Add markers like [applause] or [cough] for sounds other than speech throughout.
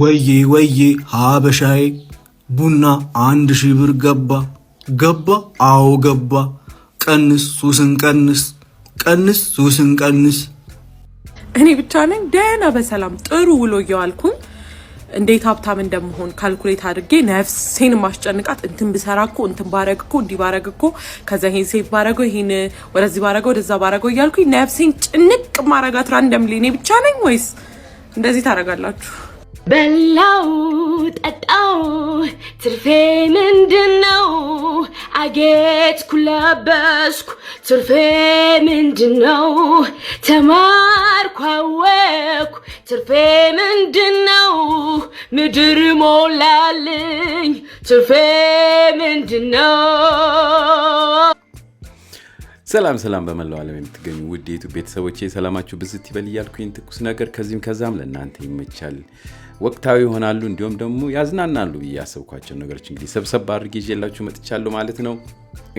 ወዬ ወዬ ሀበሻዬ ቡና አንድ ሺህ ብር ገባ ገባ አዎ ገባ። ቀንስ ሱስን ቀንስ ቀንስ ሱስን ቀንስ። እኔ ብቻ ነኝ ደህና በሰላም ጥሩ ውሎ እየዋልኩኝ እንዴት ሀብታም እንደምሆን ካልኩሌት አድርጌ ነፍሴን ማስጨንቃት እንትን ብሰራ እኮ እንትን ባረግ እኮ እንዲህ ባረግ እኮ ከዛ ይሄን ሴት ባረገው ይሄን ወደዚህ ባረገው ወደዛ ባረገው እያልኩኝ ነፍሴን ጭንቅ ማረጋት ራንደምሊ እኔ ብቻ ነኝ ወይስ እንደዚህ ታረጋላችሁ? በላው ጠጣው ትርፌ ምንድን ነው? አጌጥኩ ለበስኩ ትርፌ ምንድን ነው? ተማርኩ አወኩ ትርፌ ምንድን ነው? ምድር ሞላልኝ ትርፌ ምንድን ነው? ሰላም ሰላም፣ በመላው ዓለም የምትገኙ ውድ የዩቱብ ቤተሰቦቼ ሰላማችሁ ብዝት ይበል እያልኩኝ ትኩስ ነገር ከዚህም ከዛም ለእናንተ ይመቻል ወቅታዊ ይሆናሉ፣ እንዲሁም ደግሞ ያዝናናሉ ብዬ ያሰብኳቸው ነገሮች እንግዲህ ሰብሰብ አድርጌ ይዤላችሁ መጥቻለሁ ማለት ነው።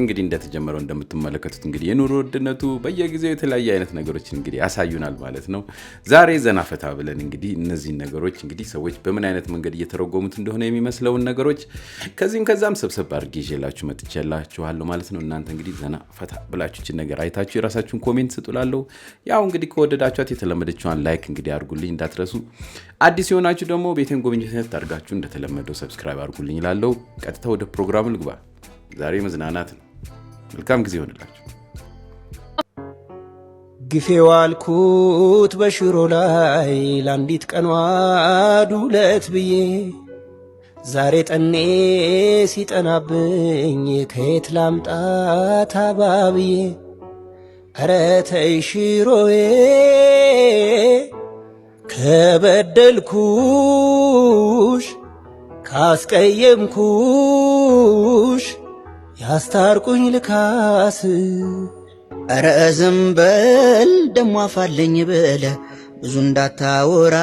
እንግዲህ እንደተጀመረው እንደምትመለከቱት እንግዲህ የኑሮ ውድነቱ በየጊዜው የተለያየ አይነት ነገሮችን እንግዲህ ያሳዩናል ማለት ነው። ዛሬ ዘናፈታ ብለን እንግዲህ እነዚህን ነገሮች እንግዲህ ሰዎች በምን አይነት መንገድ እየተረጎሙት እንደሆነ የሚመስለውን ነገሮች ከዚህም ከዛም ሰብሰብ አድርጌ ይዤላችሁ መጥቼላችኋለሁ ማለት ነው። እናንተ እንግዲህ ዘና ፈታ ብላችሁችን ነገር አይታችሁ የራሳችሁን ኮሜንት ስጡላለሁ። ያው እንግዲህ ከወደዳችኋት የተለመደችዋን ላይክ እንግዲህ አድርጉልኝ እንዳትረሱ። አዲስ የሆናችሁ ደግሞ ቤቴን ጎብኝነት አድርጋችሁ እንደተለመደው ሰብስክራይብ አድርጉልኝ ላለው ቀጥታ ወደ ፕሮግራሙ ልግባ። ዛሬ መዝናናት ነው። መልካም ጊዜ ይሆንላችሁ። ግፌ ዋልኩት በሽሮ ላይ ለአንዲት ቀኗ ዱለት ብዬ ዛሬ ጠኔ ሲጠናብኝ ከየት ላምጣት አባብዬ ኧረ ተይ ሽሮዬ ከበደልኩሽ ካስቀየምኩሽ ያስታርቁኝ ልካስ እረ ዝም በል ደሞ አፋለኝ በለ ብዙ እንዳታወራ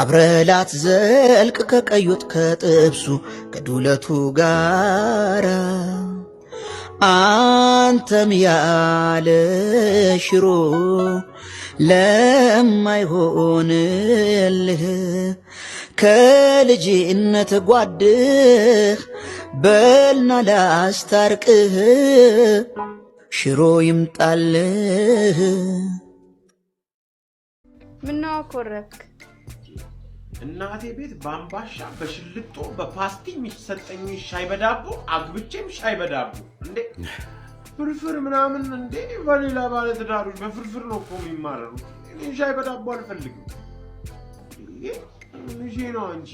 አብረላት ዘልቅ ከቀዩት ከጥብሱ ከዱለቱ ጋራ አንተም ያለ ሽሮ ለማይሆንልህ ከልጅነት ጓድህ በልና ላስታርቅህ ሽሮ ይምጣልህ። ምነው አኮረፍክ? እናቴ ቤት በአምባሻ በሽልጦ በፓስቲ የሚሰጠኝ ሻይ በዳቦ አግብቼም ሻይ በዳቦ እንዴ ፍርፍር ምናምን እንዴ በሌላ ባለትዳሮች በፍርፍር ነው እኮ የሚማረሩ። እኔ ሻይ በዳቦ አልፈልግም። ይሄ ነው አንቺ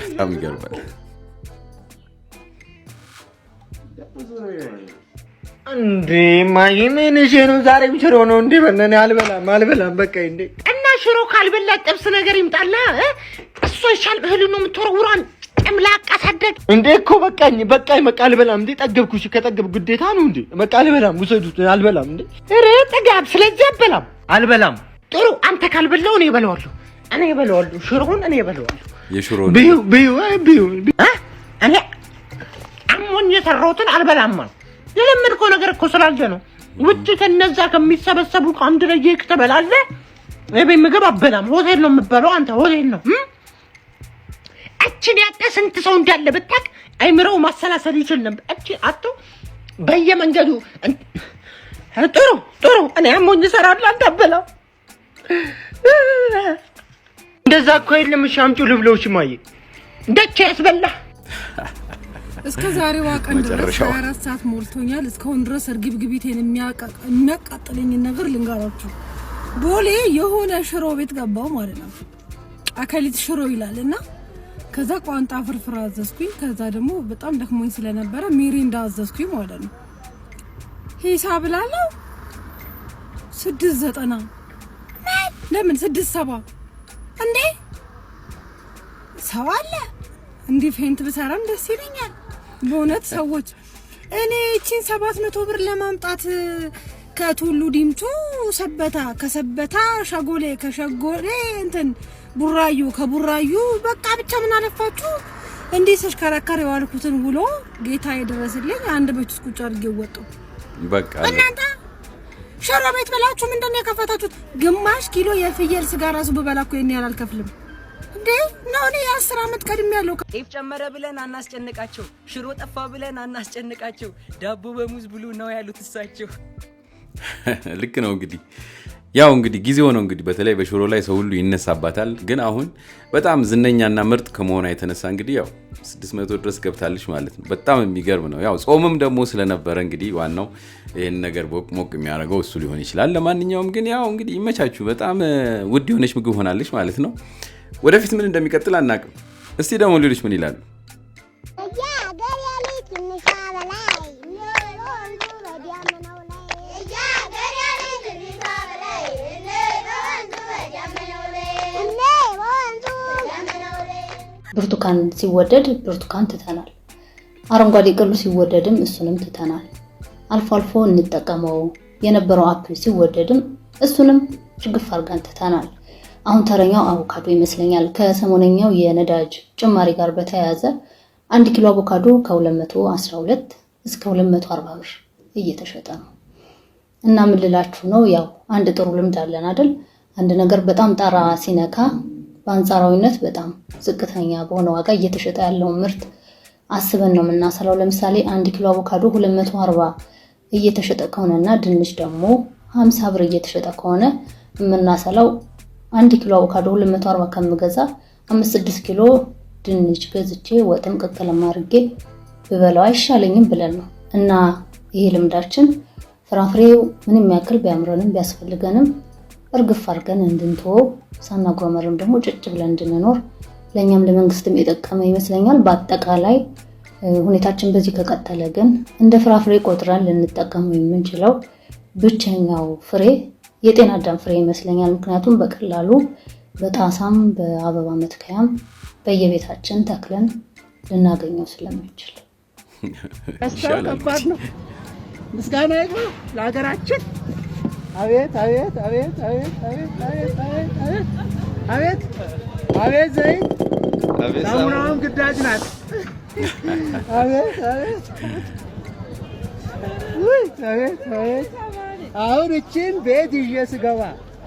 በጣም ይገርማል። እንዴ ማዬ ምን እሺ ነው ዛሬ ሽሮ ነው እንዴ? በእናትህ አልበላም አልበላም በቃ እንዴ። እና ሽሮ ካልበላት ጥብስ ነገር ይምጣላ። እሷ ይሻል እህል ነው የምትወረውራን ጭምላቅ አሳደግ እንዴ እኮ በቃኝ በቃኝ በቃ አልበላም እንዴ። ጠገብኩ እሺ ከጠገብ ግዴታ ነው እንዴ በቃ አልበላም። ውሰዱት አልበላም እንዴ። ኧረ ጥጋብ ስለዚህ አልበላም አልበላም። ጥሩ አንተ ካልበላው እኔ እበላዋለሁ እኔ እበላዋለሁ ሽሮውን እኔ እበላዋለሁ። የሽሮ ቢዩ ቢዩ ቢዩ እኔ አሁን የሰራሁትን አልበላም አልኩ። የለመድከው ነገር እኮ ስላለ ነው። ውጭ ከነዛ ከሚሰበሰቡ አንድ ላይ ትበላለህ። የቤት ምግብ አበላም። ሆቴል ነው የምበለው። አንተ ሆቴል ነው እችን ያጠ ስንት ሰው እንዳለ ብታቅ አይምረው ማሰላሰል ይችል ነበር። እቺ አቶ በየመንገዱ ጥሩ ጥሩ እኔ አሞኝ እሰራለሁ አንተ አበላ እንደዛ እኮ የለም። ሻምጩ ልብሎች ማየ እንደቼ ያስበላ እስከ ዛሬዋ ቀን ድረስ 24 ሰዓት ሞልቶኛል። እስካሁን ድረስ እርግብግቢቴን የሚያቃጥለኝን ነገር ልንገራችሁ። ቦሌ የሆነ ሽሮ ቤት ገባው ማለት ነው። አከሊት ሽሮ ይላል እና ከዛ ቋንጣ ፍርፍር አዘዝኩኝ። ከዛ ደግሞ በጣም ደክሞኝ ስለነበረ ሚሪንዳ አዘዝኩኝ ማለት ነው። ሂሳብ ላለው ስድስት ዘጠና ለምን ስድስት ሰባ እንዴ ሰው አለ እንዲህ ፌንት ብሰራም ደስ ይለኛል። በእውነት ሰዎች እኔ ይቺን ሰባት መቶ ብር ለማምጣት ከቱሉ ዲምቱ ሰበታ፣ ከሰበታ ሸጎሌ፣ ከሸጎሌ እንትን ቡራዩ፣ ከቡራዩ በቃ ብቻ ምን አለፋችሁ እንዲህ ስሽከረከር የዋልኩትን ውሎ ጌታ የደረስልኝ አንድ ቤት ውስጥ ቁጭ አድርጌ ወጡ። በቃ እናንተ ሽሮ ቤት ብላችሁ ምንድን ነው የከፈታችሁት? ግማሽ ኪሎ የፍየል ስጋ ራሱ በበላኩ ይሄን ያህል አልከፍልም። እንዴ ነው እኔ የአስር ዓመት ቀድሜ ያለው ጤፍ ጨመረ ብለን አናስጨንቃቸው፣ ሽሮ ጠፋ ብለን አናስጨንቃቸው፣ ዳቦ በሙዝ ብሉ ነው ያሉት እሳቸው። [laughs] ልክ ነው እንግዲህ ያው እንግዲህ ጊዜው ነው እንግዲህ በተለይ በሽሮ ላይ ሰው ሁሉ ይነሳባታል። ግን አሁን በጣም ዝነኛና ምርጥ ከመሆኗ የተነሳ እንግዲህ ያው 600 ድረስ ገብታለች ማለት ነው። በጣም የሚገርም ነው። ያው ጾምም ደግሞ ስለነበረ እንግዲህ ዋናው ይህን ነገር ሞቅ የሚያደርገው እሱ ሊሆን ይችላል። ለማንኛውም ግን ያው እንግዲህ ይመቻችሁ። በጣም ውድ የሆነች ምግብ ሆናለች ማለት ነው። ወደፊት ምን እንደሚቀጥል አናቅም። እስቲ ደግሞ ሌሎች ምን ይላሉ? ብርቱካን ሲወደድ ብርቱካን ትተናል። አረንጓዴ ቅሉ ሲወደድም እሱንም ትተናል። አልፎ አልፎ እንጠቀመው የነበረው አፕል ሲወደድም እሱንም ሽግፍ አድርገን ትተናል። አሁን ተረኛው አቮካዶ ይመስለኛል። ከሰሞነኛው የነዳጅ ጭማሪ ጋር በተያያዘ አንድ ኪሎ አቮካዶ ከ212 እስከ 240 ብር እየተሸጠ ነው። እና ምን ልላችሁ ነው፣ ያው አንድ ጥሩ ልምድ አለን አይደል? አንድ ነገር በጣም ጣራ ሲነካ በአንጻራዊነት በጣም ዝቅተኛ በሆነ ዋጋ እየተሸጠ ያለውን ምርት አስበን ነው የምናሰላው። ለምሳሌ አንድ ኪሎ አቮካዶ 240 እየተሸጠ እና ድንች ደግሞ 50 ብር እየተሸጠ ከሆነ የምናሰላው አንድ ኪሎ አቮካዶ 240 ከምገዛ 5 6 ኪሎ ድንች ገዝቼ ወጥም ቅቅልም አድርጌ ብበላው አይሻለኝም ብለን ነው እና ይሄ ልምዳችን ፍራፍሬው ምንም ያክል ቢያምረንም ቢያስፈልገንም እርግፍ አድርገን እንድንተወው ሳናጓመርም ደግሞ ጭጭ ብለን እንድንኖር ለእኛም ለመንግስትም የጠቀመ ይመስለኛል። በአጠቃላይ ሁኔታችን በዚህ ከቀጠለ ግን እንደ ፍራፍሬ ቆጥረን ልንጠቀመው የምንችለው ብቸኛው ፍሬ የጤና አዳም ፍሬ ይመስለኛል። ምክንያቱም በቀላሉ በጣሳም በአበባ መትከያም በየቤታችን ተክለን ልናገኘው ስለምንችል ከባድ ነው። ምስጋና ይግባ ለሀገራችን። አቤት አቤት አቤት አቤት አቤት አቤት አቤት ዘይት ሳሙናውም ግዳጅ ናት። አቤት አቤት አቤት አቤት አሁን እቺን ቤት ይዤ ስገባ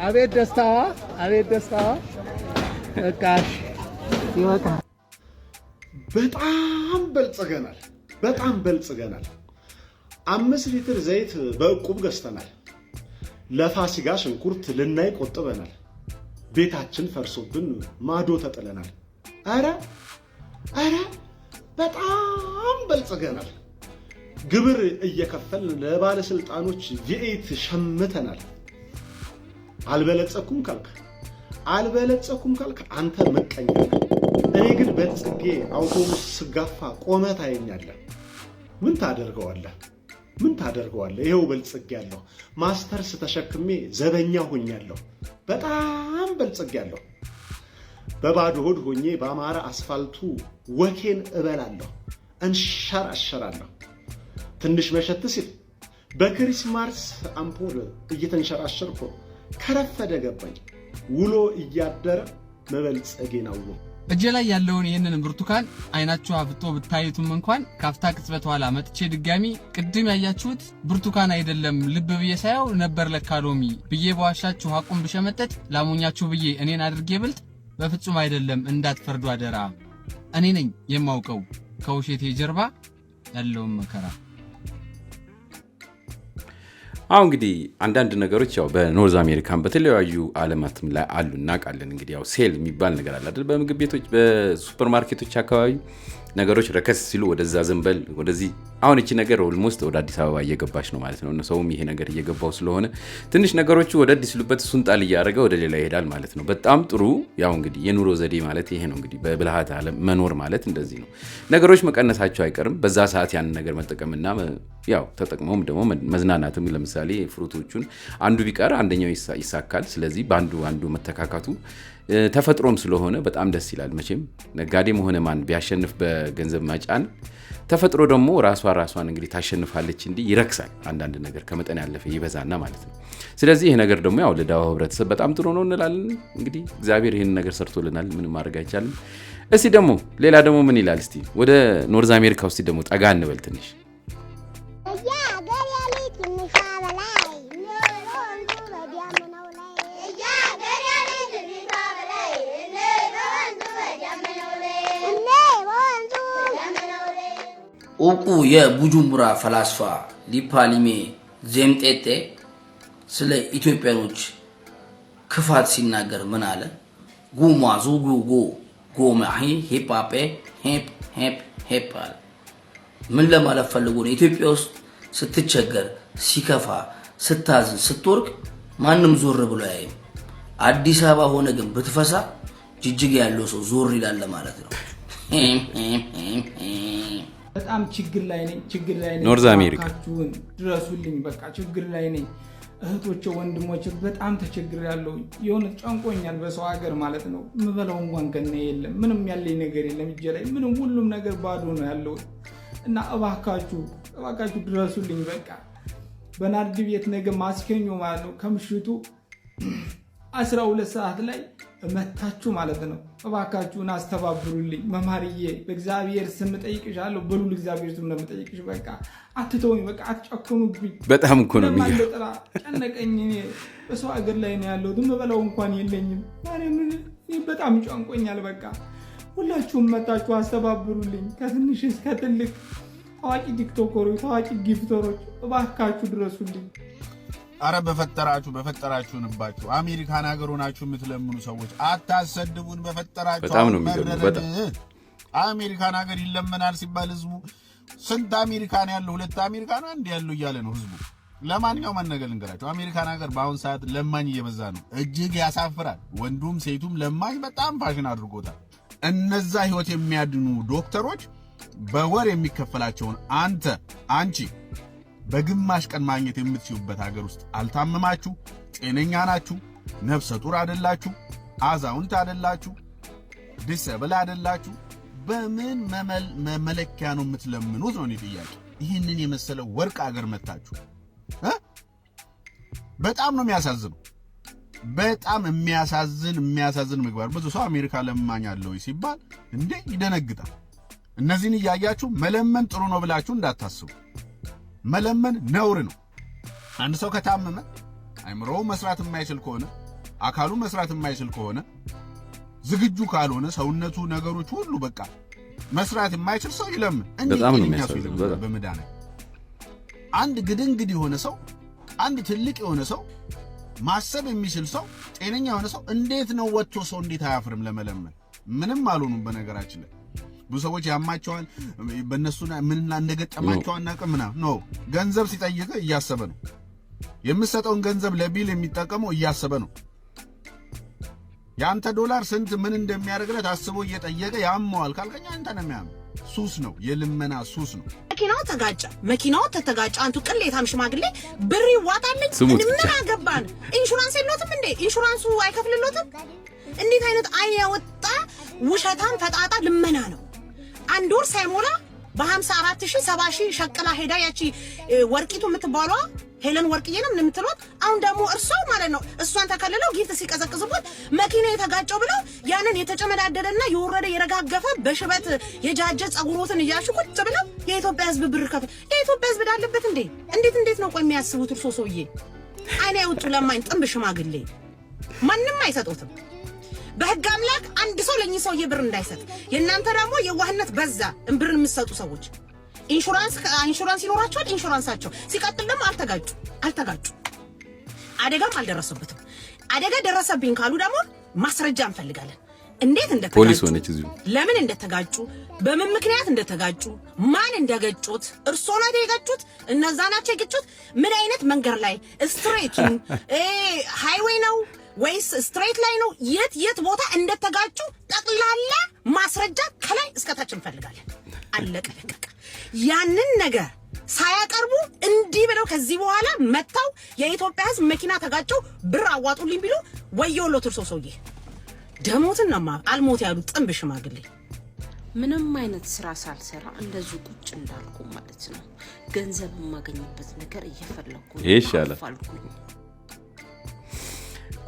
አቤት ደስታዋ፣ አቤት ደስታዋ። በቃ ይወጣል። በጣም በልጽገናል፣ በጣም በልጽገናል። አምስት ሊትር ዘይት በእቁብ ገዝተናል። ለፋሲካ ሽንኩርት ልናይ ቆጥበናል። ቤታችን ፈርሶብን ማዶ ተጥለናል። አረ አረ በጣም በልጽገናል። ግብር እየከፈልን ለባለስልጣኖች ቪኤት ሸምተናል። አልበለጸኩም ካልክ አልበለጸኩም ካልክ አንተ መቀኛ። እኔ ግን በልጽጌ አውቶቡስ ስጋፋ ቆመ ታየኛለህ። ምን ታደርገዋለህ? ምን ታደርገዋለህ? ይኸው በልጽጌያለሁ። ማስተርስ ተሸክሜ ዘበኛ ሆኛለሁ። በጣም በልጽጌያለሁ። በባዶ ሆድ ሆኜ በአማረ አስፋልቱ ወኬን እበላለሁ፣ እንሸራሸራለሁ። ትንሽ መሸት ሲል በክሪስማስ አምፖል እየተንሸራሸርኩ ከረፈደ ገባኝ። ውሎ እያደረ መበልጸጌን አወኩ። እጄ ላይ ያለውን ይህንን ብርቱካን አይናችሁ አፍጦ ብታዩትም እንኳን ካፍታ ቅጽበት ኋላ መጥቼ ድጋሚ ቅድም ያያችሁት ብርቱካን አይደለም ልብ ብዬ ሳየው ነበር ለካ ሎሚ ብዬ በዋሻችሁ አቁም ብሸመጠት ላሞኛችሁ ብዬ እኔን አድርጌ ብልጥ በፍጹም አይደለም እንዳትፈርዱ አደራ። እኔ ነኝ የማውቀው ከውሸቴ ጀርባ ያለውን መከራ። አሁ እንግዲህ አንዳንድ ነገሮች ያው በኖርዝ አሜሪካን በተለያዩ አለማትም ላይ አሉ እናውቃለን። እንግዲህ ያው ሴል የሚባል ነገር አለ አይደል? በምግብ ቤቶች፣ በሱፐርማርኬቶች አካባቢ ነገሮች ረከስ ሲሉ ወደዛ ዘንበል ወደዚህ አሁን እቺ ነገር ኦልሞስት ወደ አዲስ አበባ እየገባች ነው ማለት ነው። ሰውም ይሄ ነገር እየገባው ስለሆነ ትንሽ ነገሮቹ ወደ አዲስ ሲሉበት እሱን ጣል እያደረገ ወደ ሌላ ይሄዳል ማለት ነው። በጣም ጥሩ። ያው እንግዲህ የኑሮ ዘዴ ማለት ይሄ ነው እንግዲህ በብልሃት ዓለም መኖር ማለት እንደዚህ ነው። ነገሮች መቀነሳቸው አይቀርም። በዛ ሰዓት ያንን ነገር መጠቀምና ያው ተጠቅመውም ደግሞ መዝናናትም ለምሳሌ ፍሩቶቹን አንዱ ቢቀር አንደኛው ይሳካል። ስለዚህ በአንዱ አንዱ መተካካቱ ተፈጥሮም ስለሆነ በጣም ደስ ይላል። መቼም ነጋዴም ሆነ ማን ቢያሸንፍ በገንዘብ መጫን፣ ተፈጥሮ ደግሞ ራሷ ራሷን እንግዲህ ታሸንፋለች። እንዲህ ይረክሳል አንዳንድ ነገር ከመጠን ያለፈ ይበዛና ማለት ነው። ስለዚህ ይህ ነገር ደግሞ ያው ለዳዋ ህብረተሰብ በጣም ጥሩ ነው እንላለን። እንግዲህ እግዚአብሔር ይህን ነገር ሰርቶልናል፣ ምንም ማድረግ አይቻልም። እስቲ ደግሞ ሌላ ደግሞ ምን ይላል? እስቲ ወደ ኖርዝ አሜሪካ ውስጥ ደግሞ ጠጋ እንበል ትንሽ እውቁ የቡጁምቡራ ፈላስፋ ሊፓሊሜ ዜምጤጤ ስለ ኢትዮጵያኖች ክፋት ሲናገር ምን አለ? ጉማ ዙጉጎ ጎማሂ ሄጳጴ ሄፕ ሄፕ ሄፕ አለ። ምን ለማለት ፈልጎ ነው? ኢትዮጵያ ውስጥ ስትቸገር፣ ሲከፋ፣ ስታዝን፣ ስትወርቅ ማንም ዞር ብሎ ያይም። አዲስ አበባ ሆነ ግን ብትፈሳ ጅጅግ ያለው ሰው ዞር ይላል ማለት ነው። በጣም ችግር ላይ ነኝ፣ ችግር ላይ ነኝ፣ ኖርዝ አሜሪካ ድረሱልኝ፣ በቃ ችግር ላይ ነኝ። እህቶች ወንድሞች፣ በጣም ተቸግር ያለው የሆነ ጨንቆኛል። በሰው ሀገር ማለት ነው የምበላው እንኳን ከነ የለም፣ ምንም ያለኝ ነገር የለም፣ እጄ ላይ ምንም፣ ሁሉም ነገር ባዶ ነው ያለው እና እባካችሁ እባካችሁ ድረሱልኝ። በቃ በናርድ ቤት ነገ ማክሰኞ ማለት ነው ከምሽቱ አስራ ሁለት ሰዓት ላይ መታችሁ ማለት ነው። እባካችሁን አስተባብሩልኝ። መማርዬ በእግዚአብሔር ስም ጠይቅሻለሁ በሉል። እግዚአብሔር ስም ለመጠይቅሽ በቃ አትተውኝ፣ በቃ አትጨክኑብኝ። በጣም እኮ ነው ጥራ ጨነቀኝ። እኔ በሰው አገር ላይ ነው ያለሁት፣ የምበላው እንኳን የለኝም። ማርያምን በጣም ጨንቆኛል። በቃ ሁላችሁም መታችሁ አስተባብሩልኝ። ከትንሽ እስከ ትልቅ ታዋቂ ቲክቶከሮች፣ ታዋቂ ጊፍተሮች እባካችሁ ድረሱልኝ። አረ በፈጠራችሁ በፈጠራችሁንባችሁ አሜሪካን ሀገር ሆናችሁ የምትለምኑ ሰዎች አታሰድቡን። በፈጠራችሁ በጣም ነው የሚገርመው። አሜሪካን ሀገር ይለመናል ሲባል ህዝቡ ስንት አሜሪካን ያለው ሁለት አሜሪካን አንድ ያለው እያለ ነው ህዝቡ። ለማንኛውም አነገር ልንገራቸው፣ አሜሪካን ሀገር በአሁን ሰዓት ለማኝ እየበዛ ነው። እጅግ ያሳፍራል። ወንዱም ሴቱም ለማኝ በጣም ፋሽን አድርጎታል። እነዛ ህይወት የሚያድኑ ዶክተሮች በወር የሚከፈላቸውን አንተ አንቺ በግማሽ ቀን ማግኘት የምትችሉበት ሀገር ውስጥ አልታመማችሁ፣ ጤነኛ ናችሁ፣ ነፍሰ ጡር አይደላችሁ፣ አዛውንት አደላችሁ ዲሰብል አይደላችሁ፣ በምን መመለኪያ ነው የምትለምኑት ነው እኔ ጥያቄ። ይህንን የመሰለ ወርቅ አገር መታችሁ በጣም ነው የሚያሳዝነው። በጣም የሚያሳዝን የሚያሳዝን ምግባር። ብዙ ሰው አሜሪካ ለማኝ አለው ወይ ሲባል እንዴ ይደነግጣል። እነዚህን እያያችሁ መለመን ጥሩ ነው ብላችሁ እንዳታስቡ። መለመን ነውር ነው። አንድ ሰው ከታመመ አይምሮው መስራት የማይችል ከሆነ አካሉ መስራት የማይችል ከሆነ ዝግጁ ካልሆነ ሰውነቱ፣ ነገሮች ሁሉ በቃ መስራት የማይችል ሰው ይለምን እንዲህ በምዳ አንድ ግድንግድ የሆነ ሰው፣ አንድ ትልቅ የሆነ ሰው፣ ማሰብ የሚችል ሰው፣ ጤነኛ የሆነ ሰው እንዴት ነው ወጥቶ ሰው እንዴት አያፍርም ለመለመን? ምንም አልሆኑም በነገራችን ላይ ብዙ ሰዎች ያማቸዋል። በእነሱ ምንና እንደገጠማቸው አናውቅም ምናምን ኖ ገንዘብ ሲጠይቅ እያሰበ ነው የምሰጠውን ገንዘብ ለቢል የሚጠቀመው እያሰበ ነው። የአንተ ዶላር ስንት ምን እንደሚያደርግለት አስቦ እየጠየቀ ያመዋል ካልከኛ አንተ ነው የሚያም ሱስ ነው፣ የልመና ሱስ ነው። መኪናው ተጋጨ፣ መኪናው ተተጋጨ። አንቱ ቅሌታም ሽማግሌ ብር ይዋጣልኝ ምን አገባን? ኢንሹራንስ የለትም እንዴ? ኢንሹራንሱ አይከፍልሎትም? እንዴት አይነት አይን ያወጣ ውሸታም ፈጣጣ ልመና ነው። አንድ ወር ሳይሞላ በሀምሳ አራት ሺህ ሰባ ሺህ ሸቅላ ሄዳ ያቺ ወርቂቱ የምትባሏ ሄለን ወርቅዬ ነው የምትሏት። አሁን ደግሞ እርሷ ማለት ነው እሷን ተከልለው ጊፍት ሲቀዘቅዝቦት መኪና የተጋጨው ብለው ያንን የተጨመዳደደና የወረደ የረጋገፈ በሽበት የጃጀ ጸጉሮትን እያሹ ቁጭ ብለው የኢትዮጵያ ሕዝብ ብር ከፍ የኢትዮጵያ ሕዝብ ዳለበት እንዴ! እንዴት እንዴት ነው ቆይ የሚያስቡት እርሶ ሰውዬ? አይኔ ውጡ ለማኝ ጥንብ ሽማግሌ ማንም አይሰጡትም። በህግ አምላክ አንድ ሰው ለእኚህ ሰውዬ ብር እንዳይሰጥ። የእናንተ ደግሞ የዋህነት በዛ። ብርን የምትሰጡ ሰዎች ኢንሹራንስ ኢንሹራንስ ይኖራቸዋል። ኢንሹራንሳቸው ሲቀጥል ደግሞ አልተጋጩ አልተጋጩ አደጋም አልደረሰበትም። አደጋ ደረሰብኝ ካሉ ደግሞ ማስረጃ እንፈልጋለን። እንዴት እንደተጋጩ ለምን እንደተጋጩ በምን ምክንያት እንደተጋጩ ማን እንደገጩት፣ እርሶ ናቸው የገጩት፣ እነዛ ናቸው የገጩት፣ ምን አይነት መንገድ ላይ ስትሬቱን [laughs] ሃይዌይ ነው ወይስ ስትሬት ላይ ነው? የት የት ቦታ እንደተጋጩ ጠቅላላ ማስረጃ ከላይ እስከታች እንፈልጋለን። አለቀ ለቀቀ። ያንን ነገር ሳያቀርቡ እንዲህ ብለው ከዚህ በኋላ መጥተው የኢትዮጵያ ሕዝብ መኪና ተጋጨው ብር አዋጡልኝ ቢሉ ወየውሎ ትርሶ ሰውዬ ደሞትን ነማ አልሞት ያሉት ጥንብ ሽማግሌ ምንም አይነት ስራ ሳልሰራ እንደዚሁ ቁጭ እንዳልኩ ማለት ነው። ገንዘብ የማገኝበት ነገር እየፈለግኩ ይሻላል።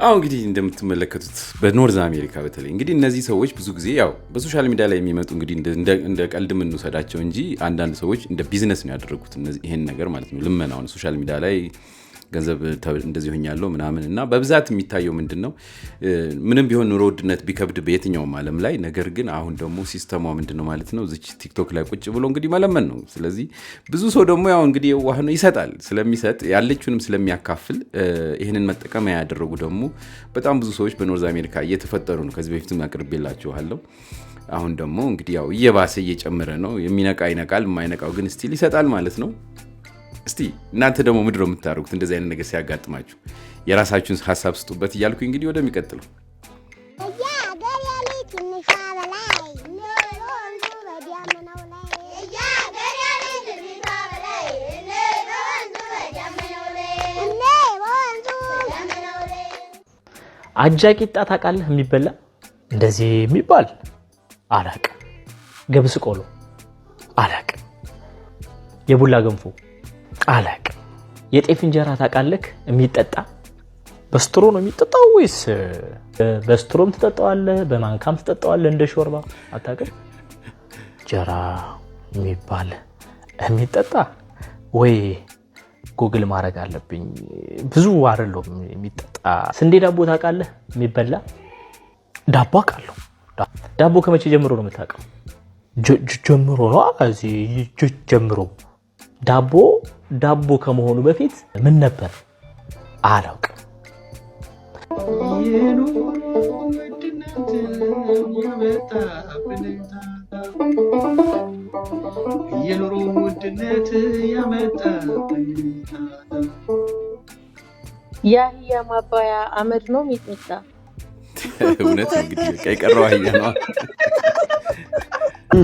አሁ እንግዲህ እንደምትመለከቱት በኖርዝ አሜሪካ በተለይ እንግዲህ እነዚህ ሰዎች ብዙ ጊዜ ያው በሶሻል ሚዲያ ላይ የሚመጡ እንግዲህ እንደ ቀልድ የምንውሰዳቸው እንጂ አንዳንድ ሰዎች እንደ ቢዝነስ ነው ያደረጉት ይሄን ነገር ማለት ነው። ልመናውን ሶሻል ሚዲያ ላይ ገንዘብ እንደዚህ ሆኛለሁ ምናምን እና በብዛት የሚታየው ምንድን ነው? ምንም ቢሆን ኑሮ ውድነት ቢከብድ በየትኛውም ዓለም ላይ ነገር ግን አሁን ደግሞ ሲስተሟ ምንድን ነው ማለት ነው እዚች ቲክቶክ ላይ ቁጭ ብሎ እንግዲህ መለመን ነው። ስለዚህ ብዙ ሰው ደግሞ ያው እንግዲህ የዋህ ነው ይሰጣል። ስለሚሰጥ ያለችውንም ስለሚያካፍል ይህንን መጠቀም ያደረጉ ደግሞ በጣም ብዙ ሰዎች በኖርዝ አሜሪካ እየተፈጠሩ ነው። ከዚህ በፊትም አቅርቤላችኋለሁ። አሁን ደግሞ እንግዲህ ያው እየባሰ እየጨመረ ነው። የሚነቃ ይነቃል፣ የማይነቃው ግን ስቲል ይሰጣል ማለት ነው። እስቲ እናንተ ደግሞ ምድሮ የምታደርጉት እንደዚህ አይነት ነገር ሲያጋጥማችሁ የራሳችሁን ሀሳብ ስጡበት እያልኩ እንግዲህ ወደሚቀጥለው አጃ ቂጣ ታውቃለህ? የሚበላ እንደዚህ የሚባል አላውቅም። ገብስ ቆሎ አላውቅም። የቡላ ገንፎ ቃለቅ የጤፍ እንጀራ ታቃለክ የሚጠጣ በስትሮ ነው የሚጠጣው ወይስ በስትሮም ትጠጠዋለ በማንካም ትጠጠዋለ እንደ ሾርባ አታውቅም? ጀራ የሚባል የሚጠጣ ወይ ጎግል ማድረግ አለብኝ። ብዙ አይደለም የሚጠጣ። ስንዴ ዳቦ ታቃለ የሚበላ ዳቦ አቃለሁ ዳቦ ከመቼ ጀምሮ ነው የምታውቀው? ጀምሮ ነው ጀምሮ ዳቦ ዳቦ ከመሆኑ በፊት ምን ነበር? አላውቅ የኑሮ ውድነት ያመጣ የአህያ ማባያ አመድ ነው ሚጥሚጣ። እውነት እንግዲህ ቀይ ቀረው አህያ ነው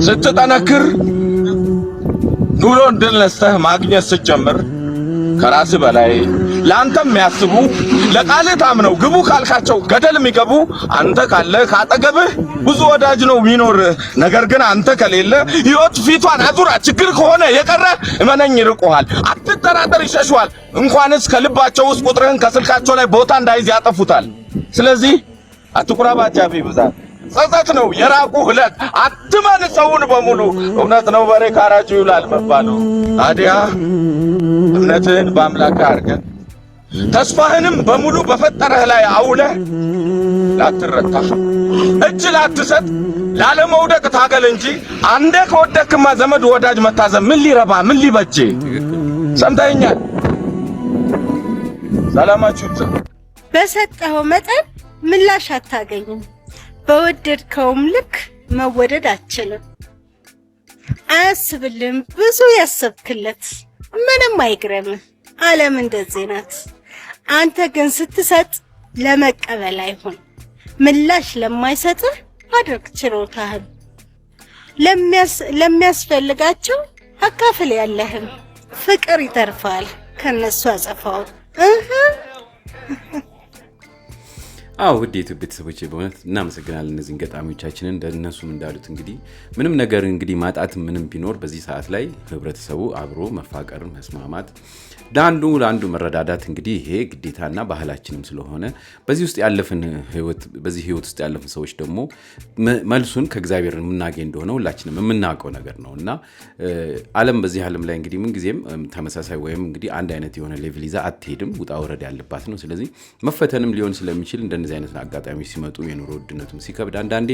ስትጠነክር ኑሮ እንድል ነስተህ ማግኘት ስትጀምር ከራስ በላይ ለአንተም የሚያስቡ ለቃልህ ታምነው ግቡ ካልካቸው ገደል የሚገቡ አንተ ካለ ካጠገብህ ብዙ ወዳጅ ነው የሚኖርህ። ነገር ግን አንተ ከሌለ ሕይወት ፊቷን አዙራ ችግር ከሆነ የቀረ እመነኝ ይርቆሃል። አትጠራጠር፣ ይሸሽዋል። እንኳንስ ከልባቸው ውስጥ ቁጥርህን ከስልካቸው ላይ ቦታ እንዳይዝ ያጠፉታል። ስለዚህ አትኩራ በአጃቢ ብዛት ጸጸት ነው የራቁ ህለት አትመን ሰውን በሙሉ እውነት ነው በሬ ካራጁ ይውላል መባሉ። ታዲያ እምነትህን በአምላክ አድርገን ተስፋህንም በሙሉ በፈጠረህ ላይ አውለህ ላትረታ እጅ ላትሰጥ ላለመውደቅ ታገል እንጂ አንዴ ከወደክማ ዘመድ ወዳጅ መታዘብ ምን ሊረባ ምን ሊበጄ? ሰምተኛል። ሰላማችሁ በሰጠኸው መጠን ምላሽ አታገኝም። በወደድከውም ልክ መወደድ አችልም። አያስብልም ብዙ ያሰብክለት ምንም አይግረም ዓለም እንደዚህ ናት። አንተ ግን ስትሰጥ ለመቀበል አይሆን፣ ምላሽ ለማይሰጥህ አድርግ ችሎታህን። ለሚያስፈልጋቸው አካፍል ያለህም ፍቅር ይተርፋል ከነሱ እህ አዎ ውድ የኢትዮጵያ ቤተሰቦች በእውነት እናመሰግናለን። እነዚህን ገጣሚዎቻችንን እንደነሱም እንዳሉት እንግዲህ ምንም ነገር እንግዲህ ማጣት ምንም ቢኖር በዚህ ሰዓት ላይ ህብረተሰቡ አብሮ መፋቀር መስማማት፣ ለአንዱ ለአንዱ መረዳዳት እንግዲህ ይሄ ግዴታና ባህላችንም ስለሆነ በዚህ ውስጥ ያለፍን በዚህ ህይወት ውስጥ ያለፍን ሰዎች ደግሞ መልሱን ከእግዚአብሔር የምናገኝ እንደሆነ ሁላችንም የምናውቀው ነገር ነው እና አለም በዚህ አለም ላይ እንግዲህ ምንጊዜም ተመሳሳይ ወይም እንግዲህ አንድ አይነት የሆነ ሌቭል ይዛ አትሄድም። ውጣ ውረድ ያለባት ነው። ስለዚህ መፈተንም ሊሆን ስለሚችል እንደ እንደነዚህ አይነት አጋጣሚ ሲመጡ የኑሮ ውድነቱም ሲከብድ አንዳንዴ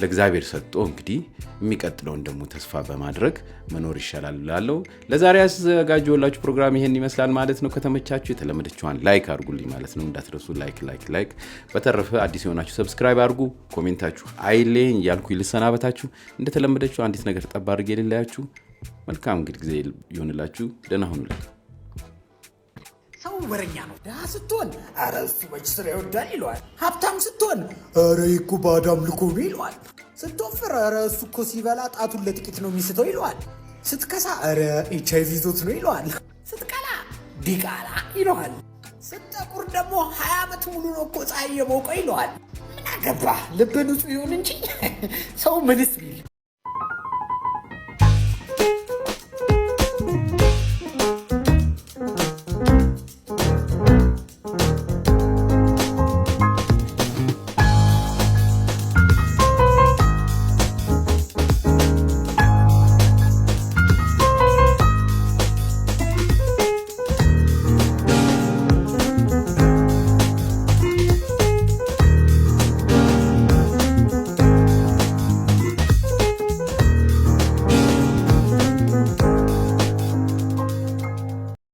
ለእግዚአብሔር ሰጥቶ እንግዲህ የሚቀጥለውን ደግሞ ተስፋ በማድረግ መኖር ይሻላል ላለው ለዛሬ ያዘጋጀሁላችሁ ፕሮግራም ይሄን ይመስላል ማለት ነው። ከተመቻችሁ የተለመደችዋን ላይክ አድርጉልኝ ማለት ነው። እንዳትረሱ ላይክ ላይክ ላይክ። በተረፈ አዲስ የሆናችሁ ሰብስክራይብ አድርጉ። ኮሜንታችሁ አይሌን እያልኩ ልሰናበታችሁ። እንደተለመደችው አንዲት ነገር ጠብ አድርጌ የሌላያችሁ መልካም እንግዲህ ጊዜ ይሆንላችሁ። ደህና ሁኑልኝ። ሰው ወረኛ ነው። ድሃ ስትሆን አረ እሱ መች ስራ ይወዳል ይለዋል። ሀብታም ስትሆን አረ ይኩ ባዳም ልኮሚ ነው ይለዋል። ስትወፍር አረ እሱ እኮ ሲበላ ጣቱን ለጥቂት ነው የሚስተው ይለዋል። ስትከሳ አረ ኤች አይቪ ይዞት ነው ይለዋል። ስትቀላ ዲቃላ ይለዋል። ስትጠቁር ደግሞ ሀያ ዓመት ሙሉ ነው እኮ ፀሐይ የሞቀው ይለዋል። ምን አገባ ልብ ንጹህ ይሁን እንጂ ሰው ምንስ ቢል